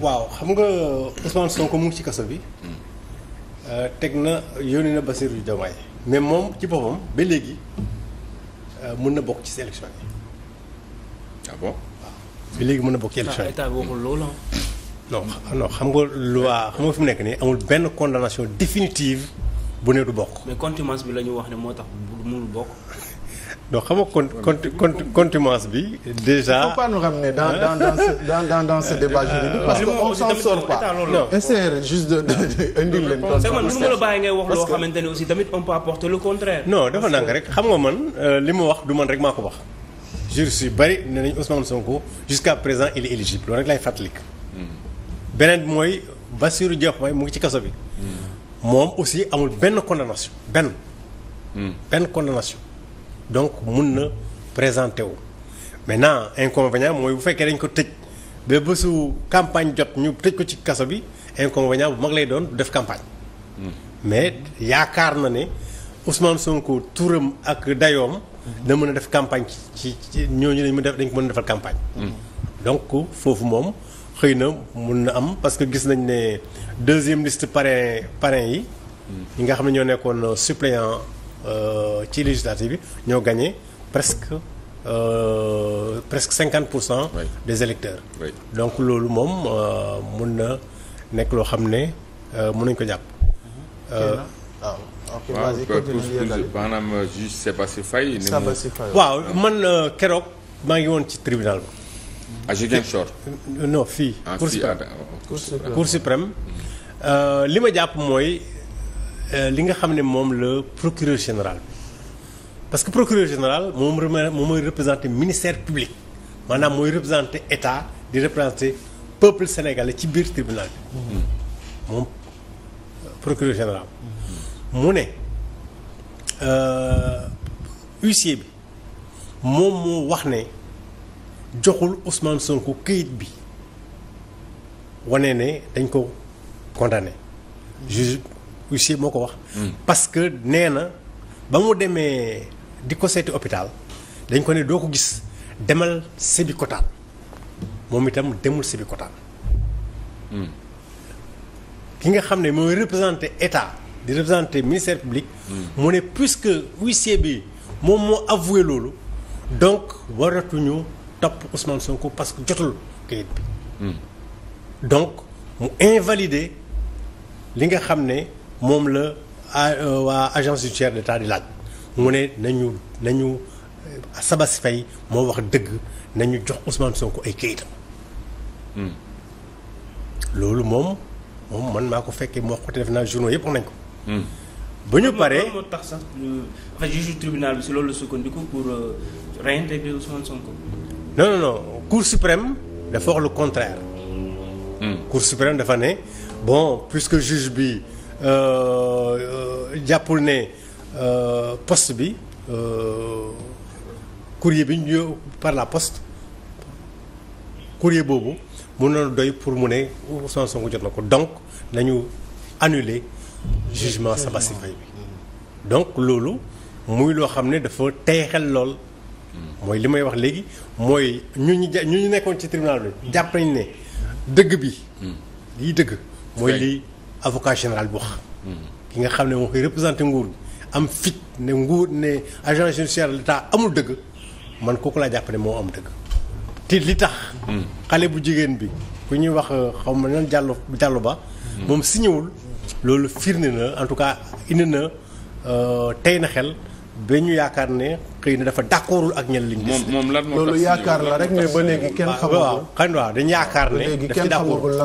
waaw xam nga Ousmane Sonko mu ngi ci kaso bi. Euh, teg na yónni na Bassirou Diomaye mais moom ci boppam ba léegi euh, mun na bokk ci si élection yi. ah ba léegi mun na bokk ci élection yi état bi waxul xam nga loi xam nga fi mu nekk nii amul benn condamnation définitive bu ne du bokk. mais contumace bi la ñu wax ne moo tax mënul bokk. donc xam nga con contumace bi. déjà il faut pas nous ramener dans dans dans ce, dans, dans parce que on s'en sort pas non essayer juste de indil leen. la bàyyi ngay wax loo tamit on peut apporter le contraire. non dafa nank rek xam euh, li ma wax rek maa ko wax. yu bëri nee nañu Ousmane Sonko jusqu'à présent il est éligible loolu rek lay hmm. beneen bi mooy Bassirou Diomaye mu ngi ci kaso bi. Hmm. moom aussi amul benn condamnation benn. Hmm. benn condamnation. donc mun na présenter mais maintenant inconvénient mooy bu fekkee dañ ko tëj ba bësu campagne jot ñu tëj ko ci kaso bi inconvénient bu mag lay doon def campagne. Hmm. mais yaakaar na ne Ousmane Sonko turam ak dayoom. da mën a def campagne ci ci ñooñu dañ mu def dañ ko mën a defal campagne. Hmm. donc foofu moom xëy na mun na am parce que gis nañ ne deuxième liste parrain parrain yi. Hmm. ñi nga xam ne ñoo nekkoon suppléant Euh, ci législative bi ñoo gagné presque euh, presque cinquante pour cent. des électeurs. donc loolu moom euh, mun na nekk loo xam ne euh, mun nañ ko jàpp. Ah, waaw maanaam juge Sabassi Faye. Sabassi Faye waaw ah. man keroog maa ngi woon ci tribunal ba. à ah, Ziguinchor. non fii. Cour suprême Cour suprême li ma jàpp mooy. Euh, li nga xam ne moom la procureur général parce que procureur général moom moom mooy représenter ministère public maanaam mooy représenter état di représenter peuple sénégalais ci biir tribunal bi mm-hmm. moom euh, général mm-hmm. mu ne euh, huissier bi moom moo wax ne joxul Ousmane Sonko këyit bi wane ne dañ ko condamné huissier moo ko wax. parce que nee na ba mu demee di ko seeti hôpital dañ ko ne doo ko gis demal Sébikotane moom itam demul Sébikotane. ki nga xam ne mooy représenté état di représenté ministère public. mu ne puisque huissier bi moom moo avoué loolu donc waratuñu topp Ousmane Sonko parce que jotul kayit bi. Hmm. donc mu invalider li nga xam ne. moom la euh, waa agence judiciaire d'état di laaj mu ne nañu nañu Sabas Faye moo wax dëgg nañu jox Ousmane Sonko ay këyitam. Hmm. loolu moom moom man maa ko fekkee mu wax naa journaux yëpp nañ ko. Hmm. ba moo tax sax juge tribunal bi si loolu la sukkandiku pour euh, réintégrer Ousmane Sonko. non non non cour suprême dafa wax le contraire. Hmm. cour suprême dafa ne bon puisque juge bi. Euh, euh, jàppul ne euh, poste bi courrier bi ñu par la poste courrier boobu mën na doy pour mu ne Ousmane jot na ko donc nañu annuler jugement Sabassi Faye bi donc loolu muy loo xam ne dafa xel lool mooy li may wax léegi mooy ñu ñu ñu nekkoon ci tribunal bi jàpp nañ ne dëgg bi lii dëgg mooy lii avocat général bu wax ki nga xam ne moo koy représenté nguur am fit ne nguur ne agent judiciaire l'état amul dëgg man kooku laa jàpp moo am dëgg li tax xale bu jigéen bi ku ñuy wax euh, xaw ma nan jàllo jàllo ba moom signewul loolu firnde na en tout cas indi na euh, tey na xel yaakaar ne xëy na dafa d'accordul ak ñel liñ moo tax loolu yaakaar la rek mais ba léegi kenn xamul waaw xan waaw dañ yaakaar ne daf ci d'accord